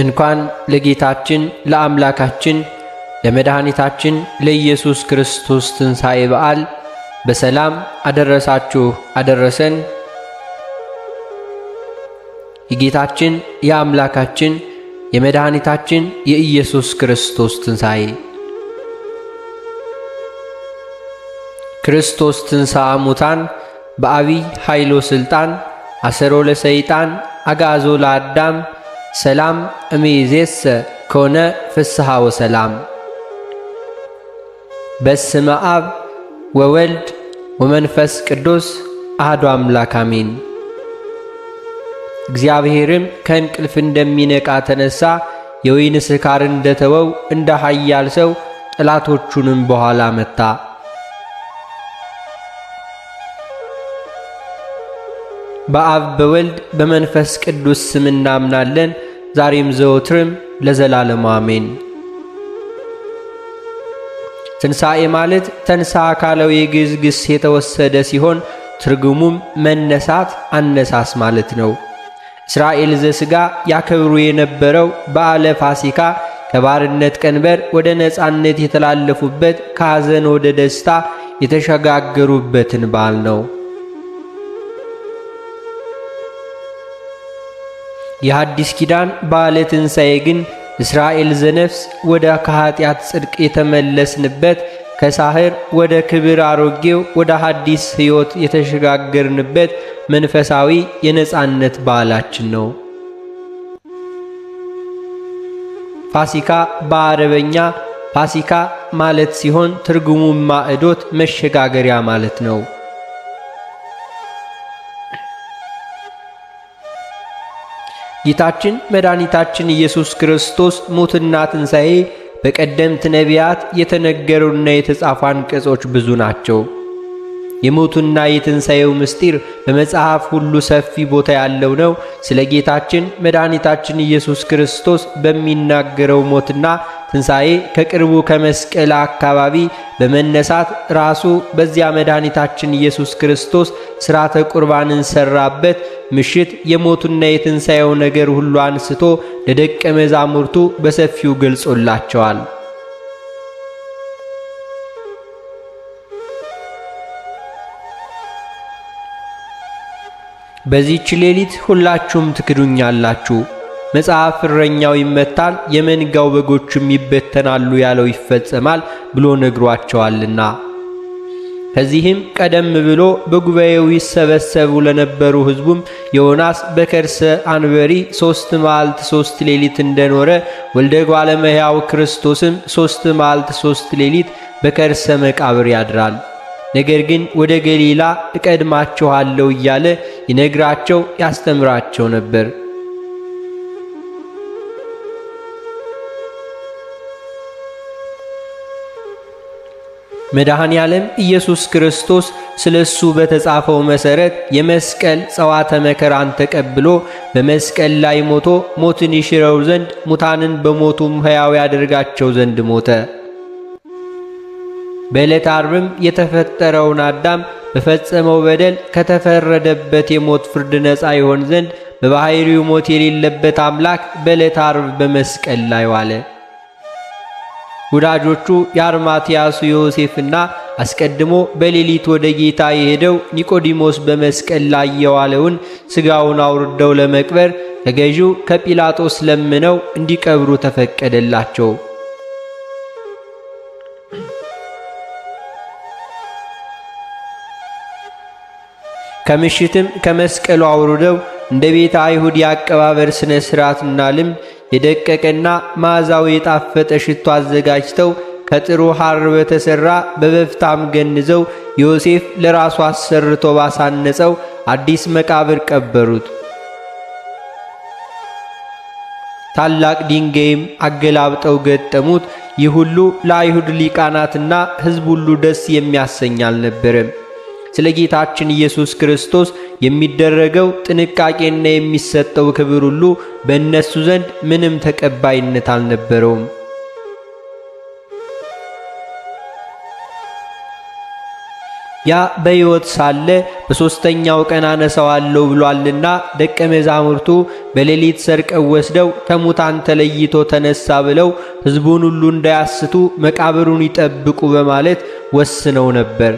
እንኳን ለጌታችን ለአምላካችን ለመድኃኒታችን ለኢየሱስ ክርስቶስ ትንሣኤ በዓል በሰላም አደረሳችሁ አደረሰን። የጌታችን የአምላካችን የመድኃኒታችን የኢየሱስ ክርስቶስ ትንሣኤ ክርስቶስ ትንሣ ሙታን በአቢይ ኃይሎ ሥልጣን አሰሮ ለሰይጣን አጋዞ ለአዳም ሰላም እምይእዜሰ ኮነ ፍስሐ ወሰላም። በስመ አብ ወወልድ ወመንፈስ ቅዱስ አሐዱ አምላክ አሜን። እግዚአብሔርም ከእንቅልፍ እንደሚነቃ ተነሳ፣ የወይን ስካር እንደተወው እንደ ኃያል ሰው ጠላቶቹንም በኋላ መታ። በአብ በወልድ በመንፈስ ቅዱስ ስም እናምናለን፣ ዛሬም ዘወትርም ለዘላለሙ አሜን። ትንሣኤ ማለት ተንሳ አካላዊ የግዕዝ ግስ የተወሰደ ሲሆን ትርጉሙም መነሳት፣ አነሳስ ማለት ነው። እስራኤል ዘሥጋ ያከብሩ የነበረው በዓለ ፋሲካ ከባርነት ቀንበር ወደ ነፃነት የተላለፉበት ከሐዘን ወደ ደስታ የተሸጋገሩበትን በዓል ነው። የሐዲስ ኪዳን ባለ ትንሣኤ ግን እስራኤል ዘነፍስ ወደ ከኀጢአት ጽድቅ የተመለስንበት ከሳህር ወደ ክብር አሮጌው ወደ ሐዲስ ሕይወት የተሸጋገርንበት መንፈሳዊ የነጻነት በዓላችን ነው። ፋሲካ በአረበኛ ፋሲካ ማለት ሲሆን ትርጉሙ ማዕዶት መሸጋገሪያ ማለት ነው። ጌታችን መድኃኒታችን ኢየሱስ ክርስቶስ ሞትና ትንሣኤ በቀደምት ነቢያት የተነገሩና የተጻፉ አንቀጾች ብዙ ናቸው። የሞቱና የትንሣኤው ምስጢር በመጽሐፍ ሁሉ ሰፊ ቦታ ያለው ነው። ስለ ጌታችን መድኃኒታችን ኢየሱስ ክርስቶስ በሚናገረው ሞትና ትንሣኤ ከቅርቡ ከመስቀል አካባቢ በመነሳት ራሱ በዚያ መድኃኒታችን ኢየሱስ ክርስቶስ ሥርዓተ ቁርባንን ሠራበት ምሽት የሞቱና የትንሣኤው ነገር ሁሉ አንስቶ ለደቀ መዛሙርቱ በሰፊው ገልጾላቸዋል። በዚህች ሌሊት ሁላችሁም ትክዱኛላችሁ። መጽሐፍ እረኛው ይመታል፣ የመንጋው በጎችም ይበተናሉ ያለው ይፈጸማል ብሎ ነግሯቸዋልና። ከዚህም ቀደም ብሎ በጉባኤው ይሰበሰቡ ለነበሩ ሕዝቡም ዮናስ በከርሰ አንበሪ ሦስት መዓልት ሦስት ሌሊት እንደኖረ ወልደ እጓለ እመሕያው ክርስቶስም ሦስት መዓልት ሦስት ሌሊት በከርሰ መቃብር ያድራል። ነገር ግን ወደ ገሊላ እቀድማችኋለሁ እያለ ይነግራቸው ያስተምራቸው ነበር። መድኃኔ ዓለም ኢየሱስ ክርስቶስ ስለ እሱ በተጻፈው መሠረት የመስቀል ጸዋተ መከራን ተቀብሎ በመስቀል ላይ ሞቶ ሞትን ይሽረው ዘንድ ሙታንን በሞቱም ሕያው ያደርጋቸው ዘንድ ሞተ። በዕለት አርብም የተፈጠረውን አዳም በፈጸመው በደል ከተፈረደበት የሞት ፍርድ ነፃ ይሆን ዘንድ በባሕሪው ሞት የሌለበት አምላክ በዕለት አርብ በመስቀል ላይ ዋለ። ወዳጆቹ የአርማትያሱ ዮሴፍና አስቀድሞ በሌሊት ወደ ጌታ የሄደው ኒቆዲሞስ በመስቀል ላይ የዋለውን ሥጋውን አውርደው ለመቅበር ከገዢው ከጲላጦስ ለምነው እንዲቀብሩ ተፈቀደላቸው። ከምሽትም ከመስቀሉ አውርደው እንደ ቤተ አይሁድ የአቀባበር ሥነ ሥርዓትና ልምድ የደቀቀና መዓዛው የጣፈጠ ሽቶ አዘጋጅተው ከጥሩ ሐር በተሠራ በበፍታም ገንዘው ዮሴፍ ለራሱ አሰርቶ ባሳነጸው አዲስ መቃብር ቀበሩት። ታላቅ ድንጋይም አገላብጠው ገጠሙት። ይህ ሁሉ ለአይሁድ ሊቃናትና ሕዝብ ሁሉ ደስ የሚያሰኝ አልነበረም። ስለ ጌታችን ኢየሱስ ክርስቶስ የሚደረገው ጥንቃቄና የሚሰጠው ክብር ሁሉ በእነሱ ዘንድ ምንም ተቀባይነት አልነበረውም። ያ በሕይወት ሳለ በሦስተኛው ቀን አነሳዋለሁ ብሏልና ደቀ መዛሙርቱ በሌሊት ሰርቀው ወስደው ከሙታን ተለይቶ ተነሳ ብለው ሕዝቡን ሁሉ እንዳያስቱ መቃብሩን ይጠብቁ በማለት ወስነው ነበር።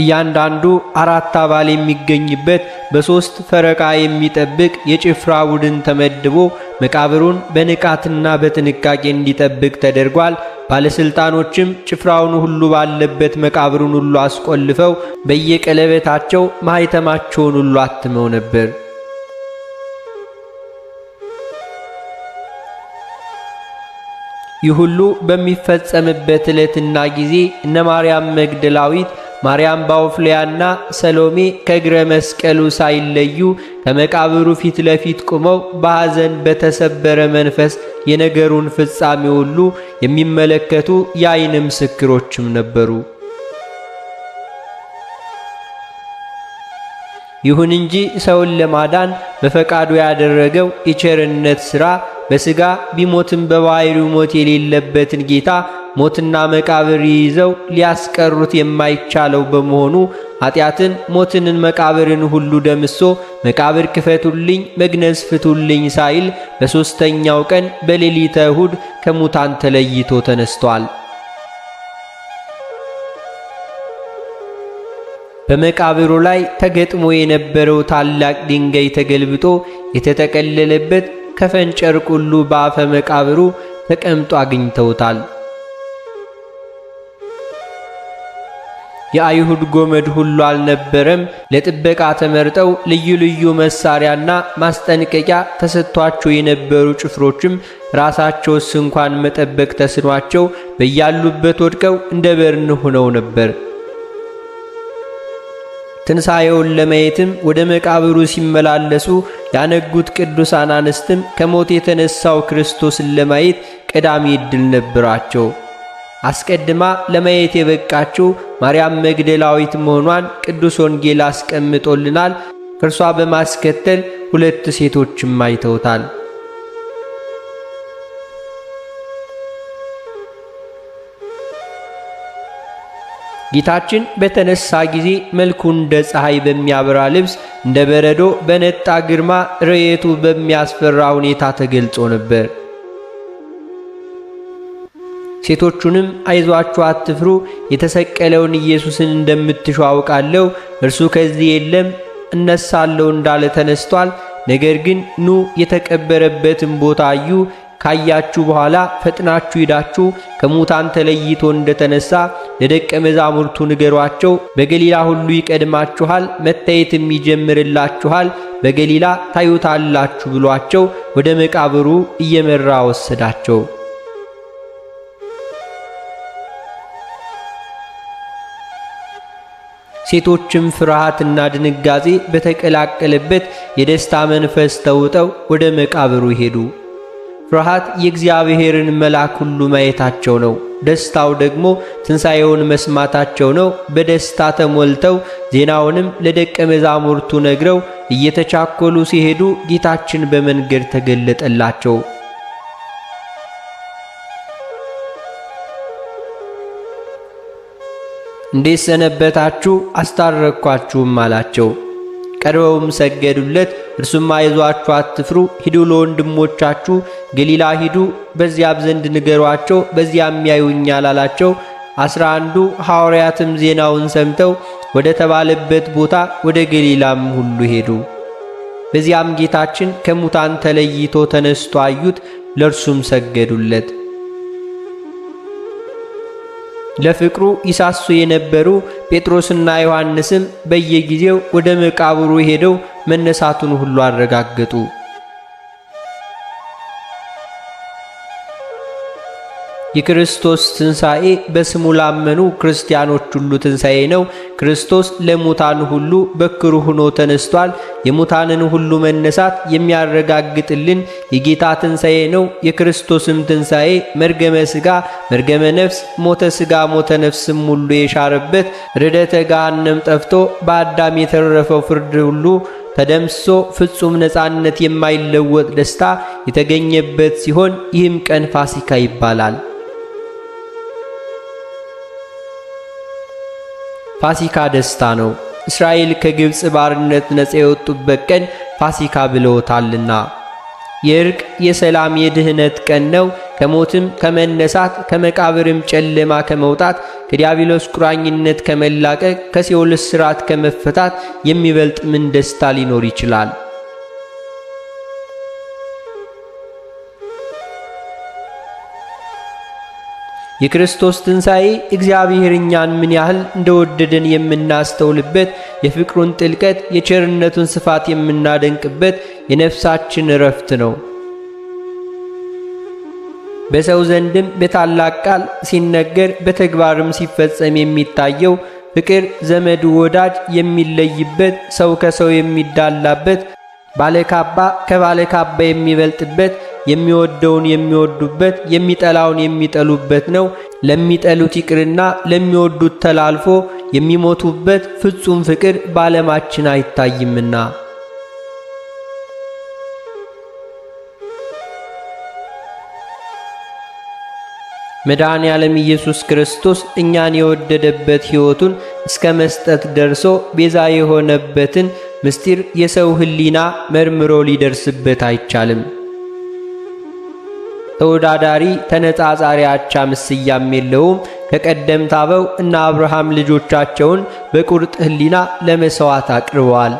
እያንዳንዱ አራት አባል የሚገኝበት በሦስት ፈረቃ የሚጠብቅ የጭፍራ ቡድን ተመድቦ መቃብሩን በንቃትና በጥንቃቄ እንዲጠብቅ ተደርጓል። ባለሥልጣኖችም ጭፍራውን ሁሉ ባለበት መቃብሩን ሁሉ አስቆልፈው በየቀለበታቸው ማኅተማቸውን ሁሉ አትመው ነበር። ይህ ሁሉ በሚፈጸምበት ዕለትና ጊዜ እነ ማርያም መግደላዊት ማርያም ባውፍሊያና ሰሎሜ ከእግረ መስቀሉ ሳይለዩ ከመቃብሩ ፊት ለፊት ቆመው በሐዘን በተሰበረ መንፈስ የነገሩን ፍጻሜ ሁሉ የሚመለከቱ የዓይን ምስክሮችም ነበሩ። ይሁን እንጂ ሰውን ለማዳን በፈቃዱ ያደረገው የቸርነት ሥራ በሥጋ ቢሞትም በባሕሪው ሞት የሌለበትን ጌታ ሞትና መቃብር ይዘው ሊያስቀሩት የማይቻለው በመሆኑ ኃጢአትን፣ ሞትንን፣ መቃብርን ሁሉ ደምሶ መቃብር ክፈቱልኝ፣ መግነዝ ፍቱልኝ ሳይል በሦስተኛው ቀን በሌሊተ እሁድ ከሙታን ተለይቶ ተነስቷል። በመቃብሩ ላይ ተገጥሞ የነበረው ታላቅ ድንጋይ ተገልብጦ የተጠቀለለበት ከፈንጨርቅ ሁሉ በአፈ መቃብሩ ተቀምጦ አግኝተውታል። የአይሁድ ጎመድ ሁሉ አልነበረም። ለጥበቃ ተመርጠው ልዩ ልዩ መሳሪያና ማስጠንቀቂያ ተሰጥቷቸው የነበሩ ጭፍሮችም ራሳቸው ስንኳን መጠበቅ ተስኗቸው በያሉበት ወድቀው እንደ በርን ሆነው ነበር። ትንሣኤውን ለማየትም ወደ መቃብሩ ሲመላለሱ ያነጉት ቅዱሳን አንስትም ከሞት የተነሳው ክርስቶስን ለማየት ቀዳሚ ዕድል ነበራቸው። አስቀድማ ለማየት የበቃችው ማርያም መግደላዊት መሆኗን ቅዱስ ወንጌል አስቀምጦልናል። ከእርሷ በማስከተል ሁለት ሴቶችም አይተውታል። ጌታችን በተነሳ ጊዜ መልኩ እንደ ፀሐይ በሚያበራ ልብስ እንደ በረዶ በነጣ ግርማ ርየቱ በሚያስፈራ ሁኔታ ተገልጾ ነበር። ሴቶቹንም አይዟችሁ፣ አትፍሩ፣ የተሰቀለውን ኢየሱስን እንደምትሹ አውቃለሁ፣ እርሱ ከዚህ የለም እነሳለሁ እንዳለ ተነስቷል። ነገር ግን ኑ የተቀበረበትን ቦታ እዩ፣ ካያችሁ በኋላ ፈጥናችሁ ሂዳችሁ ከሙታን ተለይቶ እንደተነሳ ለደቀ መዛሙርቱ ንገሯቸው። በገሊላ ሁሉ ይቀድማችኋል፣ መታየትም ይጀምርላችኋል፣ በገሊላ ታዩታላችሁ ብሏቸው ወደ መቃብሩ እየመራ ወሰዳቸው። ሴቶችም ፍርሃትና ድንጋዜ በተቀላቀለበት የደስታ መንፈስ ተውጠው ወደ መቃብሩ ሄዱ። ፍርሃት የእግዚአብሔርን መልአክ ሁሉ ማየታቸው ነው። ደስታው ደግሞ ትንሣኤውን መስማታቸው ነው። በደስታ ተሞልተው ዜናውንም ለደቀ መዛሙርቱ ነግረው እየተቻኮሉ ሲሄዱ ጌታችን በመንገድ ተገለጠላቸው። እንዴት ሰነበታችሁ? አስታረቅኳችሁም አላቸው። ቀርበውም ሰገዱለት። እርሱም አይዟችሁ፣ አትፍሩ፣ ሂዱ ለወንድሞቻችሁ ገሊላ ሂዱ፣ በዚያም ዘንድ ንገሯቸው፣ በዚያም ያዩኛል አላቸው። አስራ አንዱ ሐዋርያትም ዜናውን ሰምተው ወደ ተባለበት ቦታ ወደ ገሊላም ሁሉ ሄዱ። በዚያም ጌታችን ከሙታን ተለይቶ ተነስቶ አዩት፣ ለእርሱም ሰገዱለት። ለፍቅሩ ይሳሱ የነበሩ ጴጥሮስና ዮሐንስም በየጊዜው ወደ መቃብሩ ሄደው መነሳቱን ሁሉ አረጋገጡ። የክርስቶስ ትንሣኤ በስሙ ላመኑ ክርስቲያኖች ሁሉ ትንሣኤ ነው። ክርስቶስ ለሙታን ሁሉ በክሩ ሆኖ ተነስቷል። የሙታንን ሁሉ መነሳት የሚያረጋግጥልን የጌታ ትንሣኤ ነው። የክርስቶስም ትንሣኤ መርገመ ሥጋ፣ መርገመ ነፍስ፣ ሞተ ሥጋ፣ ሞተ ነፍስም ሁሉ የሻረበት ርደተ ገሃነም ጠፍቶ በአዳም የተረፈው ፍርድ ሁሉ ተደምሶ ፍጹም ነፃነት የማይለወጥ ደስታ የተገኘበት ሲሆን ይህም ቀን ፋሲካ ይባላል። ፋሲካ ደስታ ነው። እስራኤል ከግብፅ ባርነት ነፃ የወጡበት ቀን ፋሲካ ብለውታልና የእርቅ የሰላም የድህነት ቀን ነው። ከሞትም ከመነሳት ከመቃብርም ጨለማ ከመውጣት ከዲያብሎስ ቁራኝነት ከመላቀቅ ከሲኦል እስራት ከመፈታት የሚበልጥ ምን ደስታ ሊኖር ይችላል? የክርስቶስ ትንሣኤ እግዚአብሔር እኛን ምን ያህል እንደወደደን የምናስተውልበት የፍቅሩን ጥልቀት የቸርነቱን ስፋት የምናደንቅበት የነፍሳችን እረፍት ነው። በሰው ዘንድም በታላቅ ቃል ሲነገር በተግባርም ሲፈጸም የሚታየው ፍቅር ዘመድ ወዳጅ የሚለይበት፣ ሰው ከሰው የሚዳላበት፣ ባለካባ ከባለካባ የሚበልጥበት የሚወደውን የሚወዱበት የሚጠላውን የሚጠሉበት ነው። ለሚጠሉት ይቅርና ለሚወዱት ተላልፎ የሚሞቱበት ፍጹም ፍቅር በዓለማችን አይታይምና። መድኃኔ ዓለም ኢየሱስ ክርስቶስ እኛን የወደደበት ሕይወቱን እስከ መስጠት ደርሶ ቤዛ የሆነበትን ምስጢር የሰው ሕሊና መርምሮ ሊደርስበት አይቻልም። ተወዳዳሪ ተነጻጻሪ አቻ ምስያም የለውም። ከቀደምት አበው እና አብርሃም ልጆቻቸውን በቁርጥ ሕሊና ለመሥዋዕት አቅርበዋል።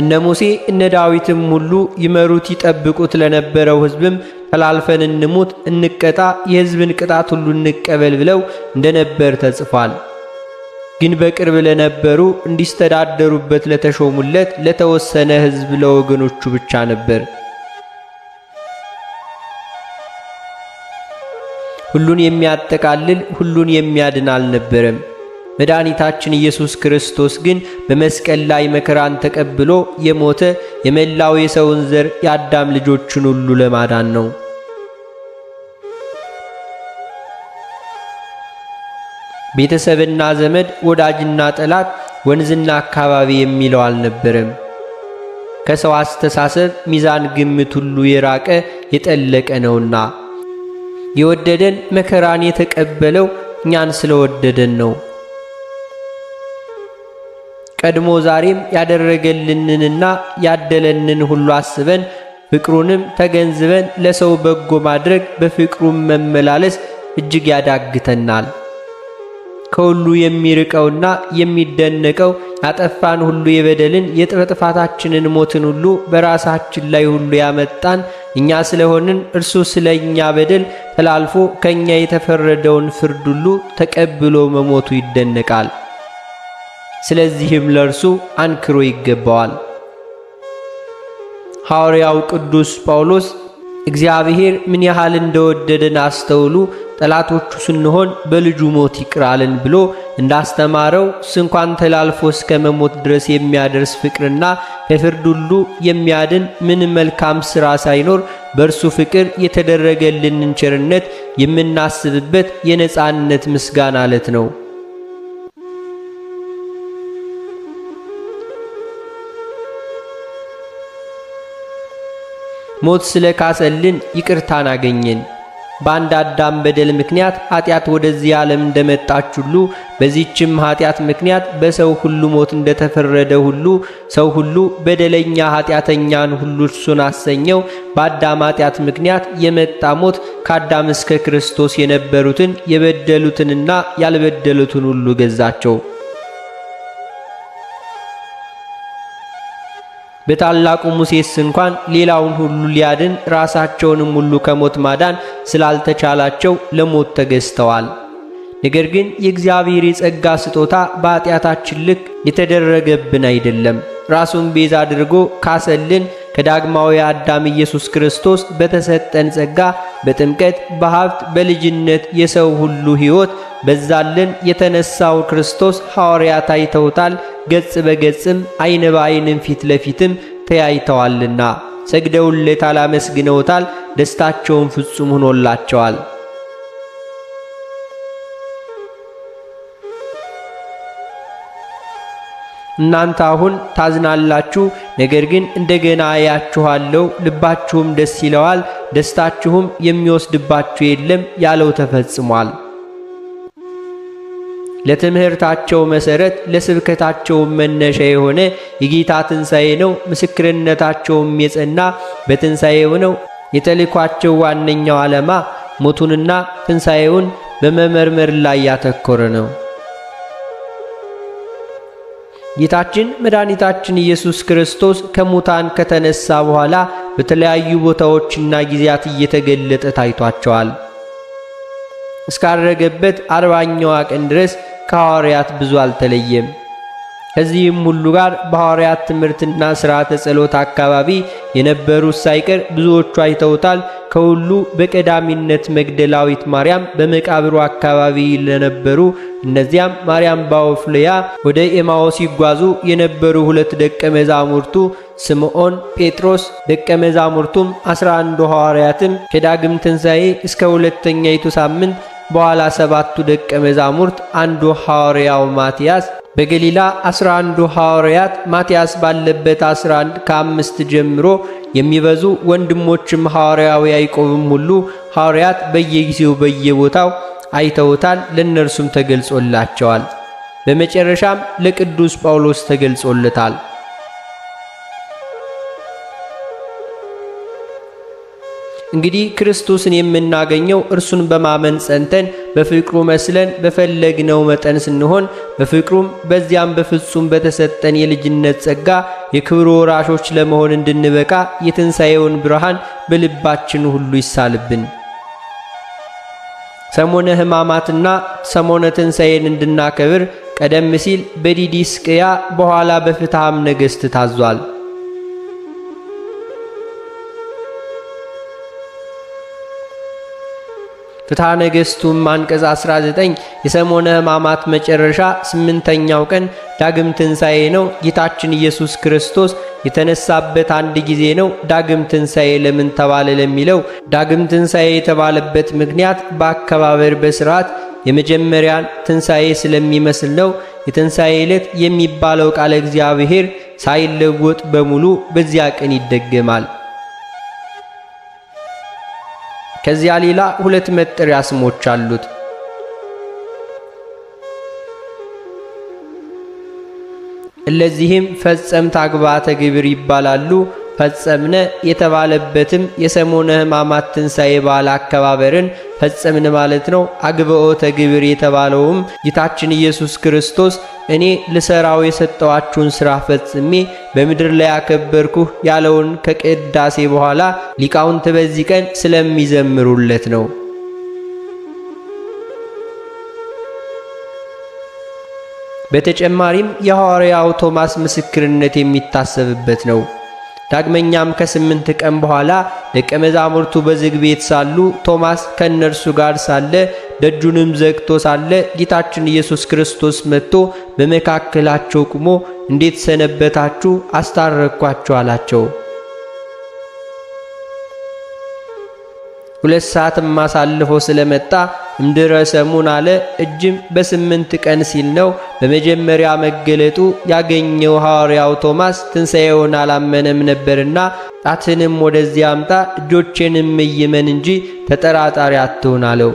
እነ ሙሴ እነ ዳዊትም ሁሉ ይመሩት ይጠብቁት ለነበረው ሕዝብም ተላልፈን እንሙት፣ እንቀጣ፣ የሕዝብን ቅጣት ሁሉ እንቀበል ብለው እንደነበር ተጽፏል። ግን በቅርብ ለነበሩ እንዲስተዳደሩበት ለተሾሙለት ለተወሰነ ሕዝብ ለወገኖቹ ብቻ ነበር። ሁሉን የሚያጠቃልል ሁሉን የሚያድን አልነበረም። መድኃኒታችን ኢየሱስ ክርስቶስ ግን በመስቀል ላይ መከራን ተቀብሎ የሞተ የመላው የሰውን ዘር የአዳም ልጆችን ሁሉ ለማዳን ነው። ቤተሰብና ዘመድ፣ ወዳጅና ጠላት፣ ወንዝና አካባቢ የሚለው አልነበረም። ከሰው አስተሳሰብ ሚዛን ግምት ሁሉ የራቀ የጠለቀ ነውና የወደደን መከራን የተቀበለው እኛን ስለወደደን ነው። ቀድሞ ዛሬም ያደረገልንንና ያደለንን ሁሉ አስበን ፍቅሩንም ተገንዝበን ለሰው በጎ ማድረግ በፍቅሩም መመላለስ እጅግ ያዳግተናል። ከሁሉ የሚርቀውና የሚደነቀው ያጠፋን ሁሉ የበደልን የጥፋታችንን ሞትን ሁሉ በራሳችን ላይ ሁሉ ያመጣን እኛ ስለሆንን እርሱ ስለ እኛ በደል ተላልፎ ከእኛ የተፈረደውን ፍርድ ሁሉ ተቀብሎ መሞቱ ይደነቃል። ስለዚህም ለእርሱ አንክሮ ይገባዋል። ሐዋርያው ቅዱስ ጳውሎስ እግዚአብሔር ምን ያህል እንደወደደን አስተውሉ። ጠላቶቹ ስንሆን በልጁ ሞት ይቅራልን ብሎ እንዳስተማረው ስንኳን ተላልፎ እስከ መሞት ድረስ የሚያደርስ ፍቅርና ከፍርድ ሁሉ የሚያድን ምን መልካም ሥራ ሳይኖር በእርሱ ፍቅር የተደረገልንን ቸርነት የምናስብበት የነፃነት ምስጋና ዕለት ነው። ሞት ስለ ካሰልን ይቅርታን አገኘን። በአንድ አዳም በደል ምክንያት ኃጢአት ወደዚህ ዓለም እንደመጣች ሁሉ በዚችም ኃጢአት ምክንያት በሰው ሁሉ ሞት እንደተፈረደ ሁሉ ሰው ሁሉ በደለኛ ኃጢአተኛን ሁሉ እርሱን አሰኘው። በአዳም ኃጢአት ምክንያት የመጣ ሞት ከአዳም እስከ ክርስቶስ የነበሩትን የበደሉትንና ያልበደሉትን ሁሉ ገዛቸው። በታላቁ ሙሴስ እንኳን ሌላውን ሁሉ ሊያድን ራሳቸውንም ሁሉ ከሞት ማዳን ስላልተቻላቸው ለሞት ተገዝተዋል። ነገር ግን የእግዚአብሔር የጸጋ ስጦታ በኃጢአታችን ልክ የተደረገብን አይደለም። ራሱን ቤዛ አድርጎ ካሰልን ከዳግማዊ አዳም ኢየሱስ ክርስቶስ በተሰጠን ጸጋ በጥምቀት በሀብት በልጅነት የሰው ሁሉ ሕይወት በዛልን የተነሳው ክርስቶስ ሐዋርያት አይተውታል፣ ገጽ በገጽም አይን በአይንም ፊት ለፊትም ተያይተዋልና ሰግደውለታል፣ አመስግነውታል፣ ደስታቸውን ፍጹም ሆኖላቸዋል። እናንተ አሁን ታዝናላችሁ፣ ነገር ግን እንደገና አያችኋለሁ፣ ልባችሁም ደስ ይለዋል፣ ደስታችሁም የሚወስድባችሁ የለም ያለው ተፈጽሟል። ለትምህርታቸው መሰረት ለስብከታቸው መነሻ የሆነ የጌታ ትንሣኤ ነው። ምስክርነታቸውም የጸና በትንሣኤው ነው። የተልኳቸው ዋነኛው ዓላማ ሞቱንና ትንሣኤውን በመመርመር ላይ ያተኮረ ነው። ጌታችን መድኃኒታችን ኢየሱስ ክርስቶስ ከሙታን ከተነሳ በኋላ በተለያዩ ቦታዎችና ጊዜያት እየተገለጠ ታይቷቸዋል። እስካረገበት አርባኛዋ ቀን ድረስ ከሐዋርያት ብዙ አልተለየም። ከዚህም ሁሉ ጋር በሐዋርያት ትምህርትና ሥርዓተ ጸሎት አካባቢ የነበሩት ሳይቀር ብዙዎቹ አይተውታል። ከሁሉ በቀዳሚነት መግደላዊት ማርያም በመቃብሩ አካባቢ ለነበሩ እነዚያም ማርያም ባወፍልያ ወደ ኤማዎስ ሲጓዙ የነበሩ ሁለት ደቀ መዛሙርቱ ስምዖን፣ ጴጥሮስ ደቀ መዛሙርቱም አስራ አንዱ ሐዋርያትም ከዳግም ትንሣኤ እስከ ሁለተኛይቱ ሳምንት በኋላ ሰባቱ ደቀ መዛሙርት አንዱ ሐዋርያው ማትያስ በገሊላ አስራ አንዱ ሐዋርያት ማትያስ ባለበት አስራ አንድ ከአምስት ጀምሮ የሚበዙ ወንድሞችም ሐዋርያው ያይቆብም ሁሉ ሐዋርያት በየጊዜው በየቦታው አይተውታል፣ ለእነርሱም ተገልጾላቸዋል። በመጨረሻም ለቅዱስ ጳውሎስ ተገልጾለታል። እንግዲህ ክርስቶስን የምናገኘው እርሱን በማመን ጸንተን በፍቅሩ መስለን በፈለግነው መጠን ስንሆን በፍቅሩም በዚያም በፍጹም በተሰጠን የልጅነት ጸጋ የክብሩ ወራሾች ለመሆን እንድንበቃ የትንሣኤውን ብርሃን በልባችን ሁሉ ይሳልብን። ሰሞነ ሕማማትና ሰሞነ ትንሣኤን እንድናከብር ቀደም ሲል በዲዲስቅያ በኋላ በፍትሐም ነገሥት ታዟል። ፍትሐ ነገሥቱም አንቀጽ 19 የሰሞነ ሕማማት መጨረሻ ስምንተኛው ቀን ዳግም ትንሣኤ ነው። ጌታችን ኢየሱስ ክርስቶስ የተነሳበት አንድ ጊዜ ነው። ዳግም ትንሣኤ ለምን ተባለ ለሚለው ዳግም ትንሣኤ የተባለበት ምክንያት በአከባበር በስርዓት የመጀመሪያን ትንሣኤ ስለሚመስል ነው። የትንሣኤ ዕለት የሚባለው ቃለ እግዚአብሔር ሳይለወጥ በሙሉ በዚያ ቀን ይደገማል። ከዚያ ሌላ ሁለት መጠሪያ ስሞች አሉት። እለዚህም ፈጸምት አግባተ ግብር ይባላሉ። ፈጸምነ የተባለበትም የሰሞነ ሕማማት ትንሣኤ በዓል አከባበርን ፈጸምን ማለት ነው። አግብኦተ ግብር የተባለውም ጌታችን ኢየሱስ ክርስቶስ እኔ ልሰራው የሰጠዋችሁን ሥራ ፈጽሜ በምድር ላይ ያከበርኩህ ያለውን ከቅዳሴ በኋላ ሊቃውንት በዚህ ቀን ስለሚዘምሩለት ነው። በተጨማሪም የሐዋርያው ቶማስ ምስክርነት የሚታሰብበት ነው። ዳግመኛም ከስምንት ቀን በኋላ ደቀ መዛሙርቱ በዝግ ቤት ሳሉ ቶማስ ከእነርሱ ጋር ሳለ ደጁንም ዘግቶ ሳለ ጌታችን ኢየሱስ ክርስቶስ መጥቶ በመካከላቸው ቁሞ እንዴት ሰነበታችሁ? አስታረኳችሁ አላቸው። ሁለት ሰዓትም አሳልፎ ስለመጣ እምድረሰሙን አለ። እጅም በስምንት ቀን ሲል ነው በመጀመሪያ መገለጡ ያገኘው ሐዋርያው ቶማስ ትንሣኤውን አላመነም ነበርና ጣትንም ወደዚያ አምጣ እጆቼንም እይመን እንጂ ተጠራጣሪ አትሁን አለው።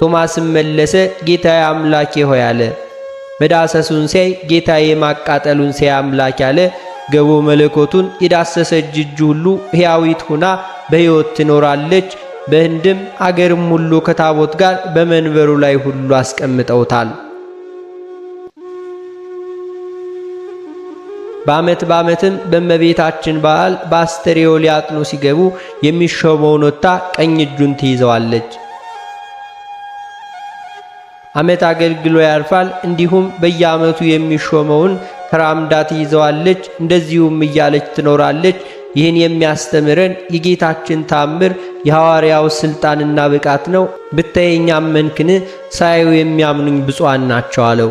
ቶማስም መለሰ ጌታዬ አምላኬ ሆይ አለ። መዳሰሱን ሲያይ ጌታዬ ማቃጠሉን ሲያይ አምላክ አለ። ገቦ መለኮቱን የዳሰሰ እጅ ሁሉ ሕያዊት ሆና በሕይወት ትኖራለች በህንድም አገርም ሁሉ ከታቦት ጋር በመንበሩ ላይ ሁሉ አስቀምጠውታል። በዓመት በዓመትም በእመቤታችን በዓል በአስተርዮ ሊያጥኑ ሲገቡ የሚሾመውን ወታ ቀኝ እጁን ትይዘዋለች። ዓመት አገልግሎ ያልፋል። እንዲሁም በየዓመቱ የሚሾመውን ክራምዳ ትይዘዋለች። እንደዚሁም እያለች ትኖራለች። ይህን የሚያስተምረን የጌታችን ታምር የሐዋርያው ሥልጣንና ብቃት ነው። ብታየኛ መንክን ሳያዩ የሚያምኑኝ ብፁዓን ናቸው አለው።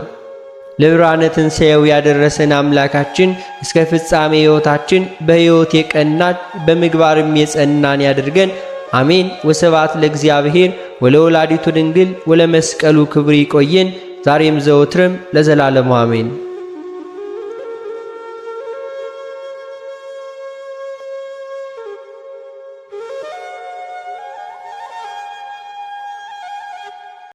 ለብርሃነ ትንሣኤው ያደረሰን አምላካችን እስከ ፍጻሜ ሕይወታችን በሕይወት የቀናን በምግባርም የጸናን ያድርገን። አሜን። ወስብሐት ለእግዚአብሔር ወለወላዲቱ ድንግል ወለመስቀሉ ክብር። ይቆየን ዛሬም ዘወትርም ለዘላለሙ አሜን።